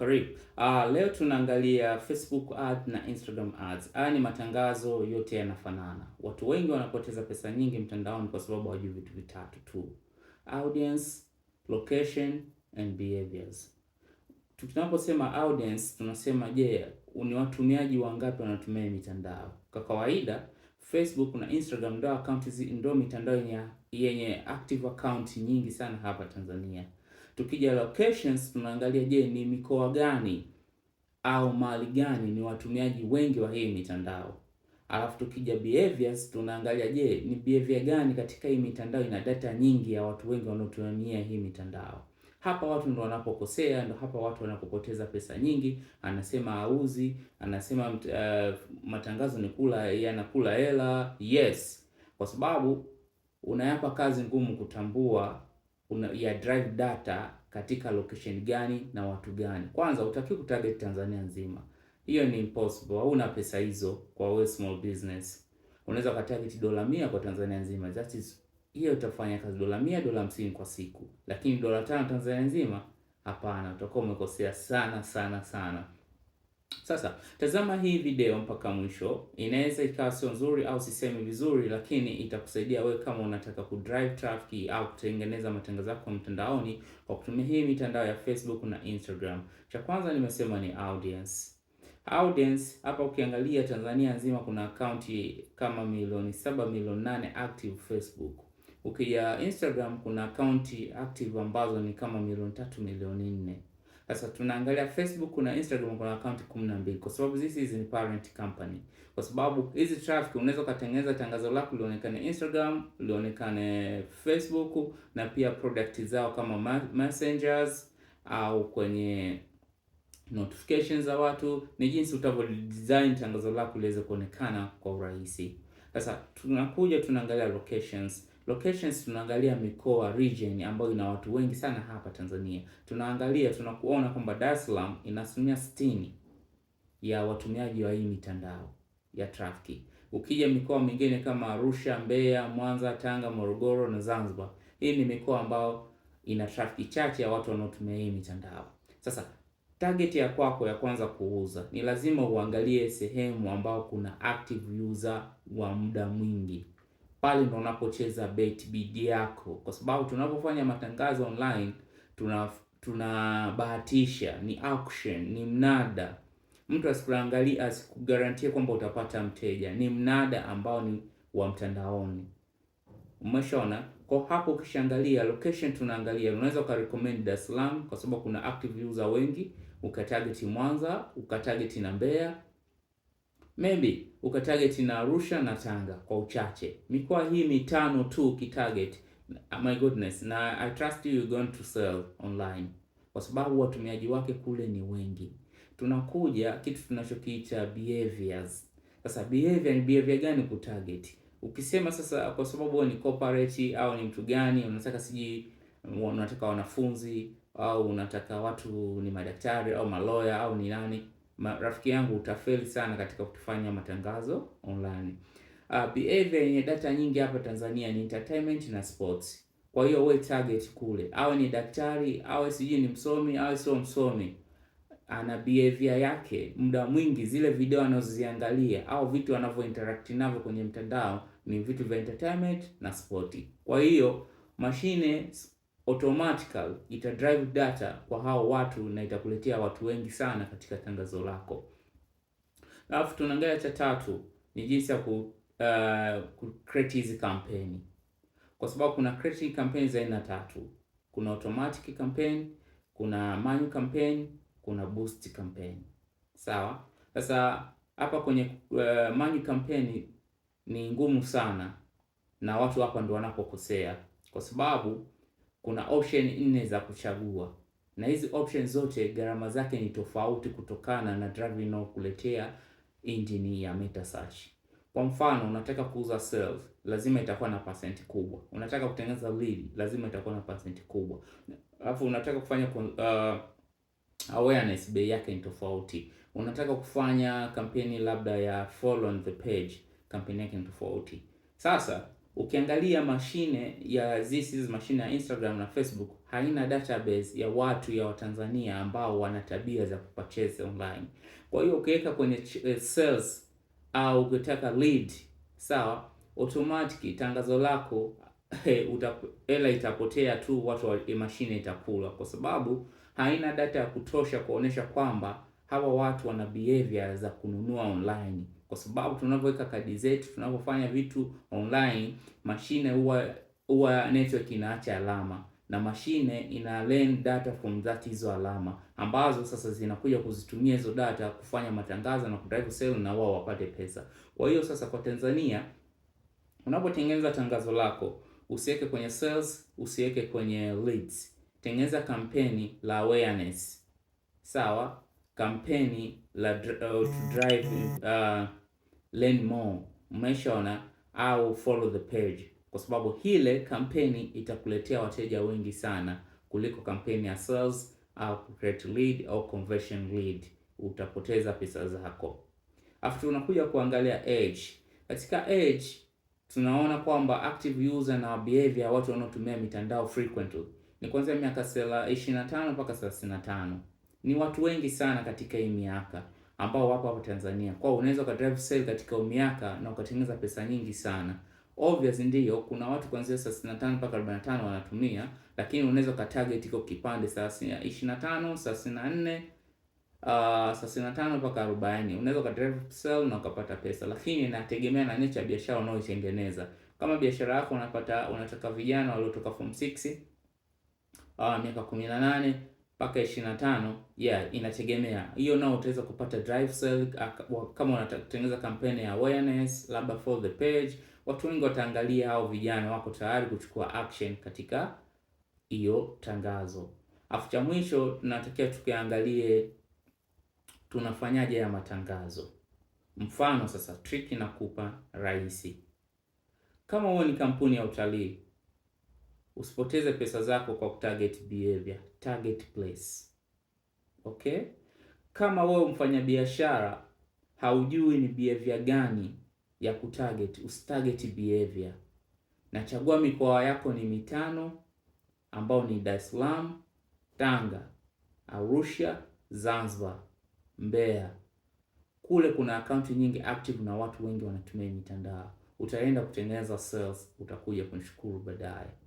karibu. Uh, ah, leo tunaangalia Facebook ads na Instagram ads. Haya ni matangazo yote yanafanana. Watu wengi wanapoteza pesa nyingi mtandaoni kwa sababu hawajui vitu vitatu tu: audience, location and behaviors. Tunaposema audience tunasema je, yeah, ni watumiaji wangapi wanatumia mitandao? Kwa kawaida Facebook na Instagram ndio akaunti ndio mitandao yenye active account nyingi sana hapa Tanzania. Tukija locations, tunaangalia je, ni mikoa gani au mahali gani ni watumiaji wengi wa hii mitandao. Alafu tukija behaviors, tunaangalia je, ni behavior gani katika hii mitandao ina data nyingi ya watu wengi wanaotumia hii mitandao. Hapa watu ndo wanapokosea, ndo hapa watu wanapopoteza pesa nyingi. Anasema auzi, anasema uh, matangazo ni kula, yanakula hela. Yes, kwa sababu unayapa kazi ngumu kutambua una, ya drive data katika location gani na watu gani. Kwanza utaki kutarget Tanzania nzima, hiyo ni impossible. una pesa hizo. Kwa wewe small business unaweza kutarget dola mia kwa Tanzania nzima, that is hiyo itafanya kazi, dola mia dola hamsini kwa siku, lakini dola tano Tanzania nzima, hapana, utakuwa umekosea sana sana sana. Sasa tazama hii video mpaka mwisho. Inaweza ikawa sio nzuri au sisemi vizuri, lakini itakusaidia wewe kama unataka ku drive traffic au kutengeneza matangazo yako mtandaoni kwa kutumia hii mitandao ya Facebook na Instagram. Cha kwanza nimesema ni audience. Audience hapa ukiangalia Tanzania nzima kuna akaunti kama milioni saba milioni nane active Facebook. Ukija Instagram kuna akaunti active ambazo ni kama milioni tatu milioni nne sasa tunaangalia Facebook na Instagram kuna account 12 kwa sababu this is in parent company. Kwa sababu hizi traffic unaweza ukatengeneza tangazo lako lionekane Instagram, lionekane Facebook na pia product zao kama messengers au kwenye notifications za watu, ni jinsi utavyo design tangazo lako liweze kuonekana kwa urahisi. Sasa tunakuja tunaangalia locations. Locations tunaangalia mikoa region ambayo ina watu wengi sana hapa Tanzania. Tunaangalia tunakuona kwamba Dar es Salaam ina asilimia sitini ya watumiaji wa hii mitandao ya traffic. Ukija mikoa mingine kama Arusha, Mbeya, Mwanza, Tanga, Morogoro na Zanzibar, hii ni mikoa ambayo ina trafiki chache ya watu wanaotumia hii mitandao. Sasa target ya kwako ya kwanza kuuza, ni lazima uangalie sehemu ambao kuna active user wa muda mwingi pale ndo unapocheza BetBD yako, kwa sababu tunapofanya matangazo online tuna tunabahatisha, ni auction, ni mnada. Mtu asikuangalie asikugarantie kwamba utapata mteja, ni mnada ambao ni wa mtandaoni. Umeshaona kwa hapo, ukishaangalia location, tunaangalia unaweza ukarecommend Dar es Salaam kwa sababu kuna active user wengi, ukatarget Mwanza, ukatarget na Mbeya maybe ukatarget na Arusha na Tanga kwa uchache, mikoa hii mitano tu ukitarget, my goodness, na I trust you going to sell online, kwa sababu watumiaji wake kule ni wengi. Tunakuja kitu tunachokiita behaviors. Sasa behavior ni behavior gani ku target? Ukisema sasa, kwa sababu ni corporate au ni mtu gani unataka, siji unataka wanafunzi au unataka watu ni madaktari au maloya au ni nani rafiki yangu, utafeli sana katika kutufanya matangazo online. Uh, behavior yenye data nyingi hapa Tanzania ni entertainment na sports. Kwa hiyo we target kule, awe ni daktari, awe sijui ni msomi, awe sio msomi, ana behavior yake. Muda mwingi zile video anazoziangalia au vitu anavyo interact navyo kwenye mtandao ni vitu vya entertainment na sporti. Kwa hiyo mashine automatically ita drive data kwa hao watu na itakuletea watu wengi sana katika tangazo lako. Alafu tunaangalia cha tatu ni jinsi ya ku, uh, ku create hizi kampeni, kwa sababu kuna create campaign za aina tatu: kuna automatic campaign, kuna manual campaign, kuna boost campaign. Sawa. Sasa hapa kwenye uh, manual campaign ni ngumu sana, na watu hapa ndo wanapokosea kwa sababu kuna option nne za kuchagua, na hizi option zote gharama zake ni tofauti kutokana na drive inayokuletea engine ya search. Kwa mfano, unataka kuuza sales, lazima itakuwa na percent kubwa. Unataka kutengeneza lead, lazima itakuwa na percent kubwa. Alafu unataka kufanya uh, awareness, bei yake ni tofauti. Unataka kufanya kampeni labda ya follow on the page, kampeni yake ni tofauti. Sasa Ukiangalia mashine ya this is mashine ya Instagram na Facebook haina database ya watu ya Watanzania ambao wana tabia za kupurchase online. Kwa hiyo ukiweka kwenye eh, sales au ukitaka lead, sawa, automatic tangazo lako eh, hela itapotea tu, watu wa mashine itakula, kwa sababu haina data ya kutosha kuonesha kwamba hawa watu wana behavior za kununua online, kwa sababu tunavyoweka kadi zetu, tunavyofanya vitu online, mashine huwa huwa network inaacha alama na mashine ina learn data from that hizo alama ambazo sasa zinakuja kuzitumia hizo data kufanya matangazo na kudrive sale na wao wapate pesa. Kwa hiyo sasa, kwa Tanzania, unapotengeneza tangazo lako usiweke kwenye sales, usiweke kwenye leads, tengeneza kampeni la awareness, sawa kampeni la uh, to drive uh, learn more, umeshaona au follow the page, kwa sababu hile kampeni itakuletea wateja wengi sana kuliko kampeni ya sales au create lead au conversion lead. Utapoteza pesa zako. After unakuja kuangalia age. Katika age tunaona kwamba active user na behavior, watu wanaotumia mitandao frequently ni kuanzia miaka 25 mpaka 35. Ni watu wengi sana katika hii miaka ambao wapo hapa Tanzania. Kwa unaweza ka drive sale katika miaka na ukatengeneza pesa nyingi sana. Obvious ndio kuna watu kuanzia 35 mpaka 45 wanatumia, lakini unaweza ka target iko kipande 25, 34, uh, 35 mpaka 40. Unaweza ka drive sale na ukapata pesa, lakini inategemea na niche ya biashara unayoitengeneza. Kama biashara yako unapata unataka vijana waliotoka form 6 uh, ah, miaka 18 mpaka 25 yeah, inategemea hiyo nao utaweza kupata drive sell kama unatengeneza kampeni ya awareness, labda for the page. Watu wengi wataangalia, hao vijana wako tayari kuchukua action katika hiyo tangazo. Afu cha mwisho tunatakiwa tukiangalie tunafanyaje ya matangazo. Mfano sasa, trick nakupa rahisi, kama wewe ni kampuni ya utalii usipoteze pesa zako kwa target behavior, target place. Okay, kama wewe mfanyabiashara haujui ni behavior gani ya kutarget, usitarget behavior. Nachagua mikoa yako ni mitano ambao ni Dar es Salaam, Tanga, Arusha, Zanzibar, Mbeya. Kule kuna akaunti nyingi active na watu wengi wanatumia mitandao. Utaenda kutengeneza sales, utakuja kunishukuru baadaye.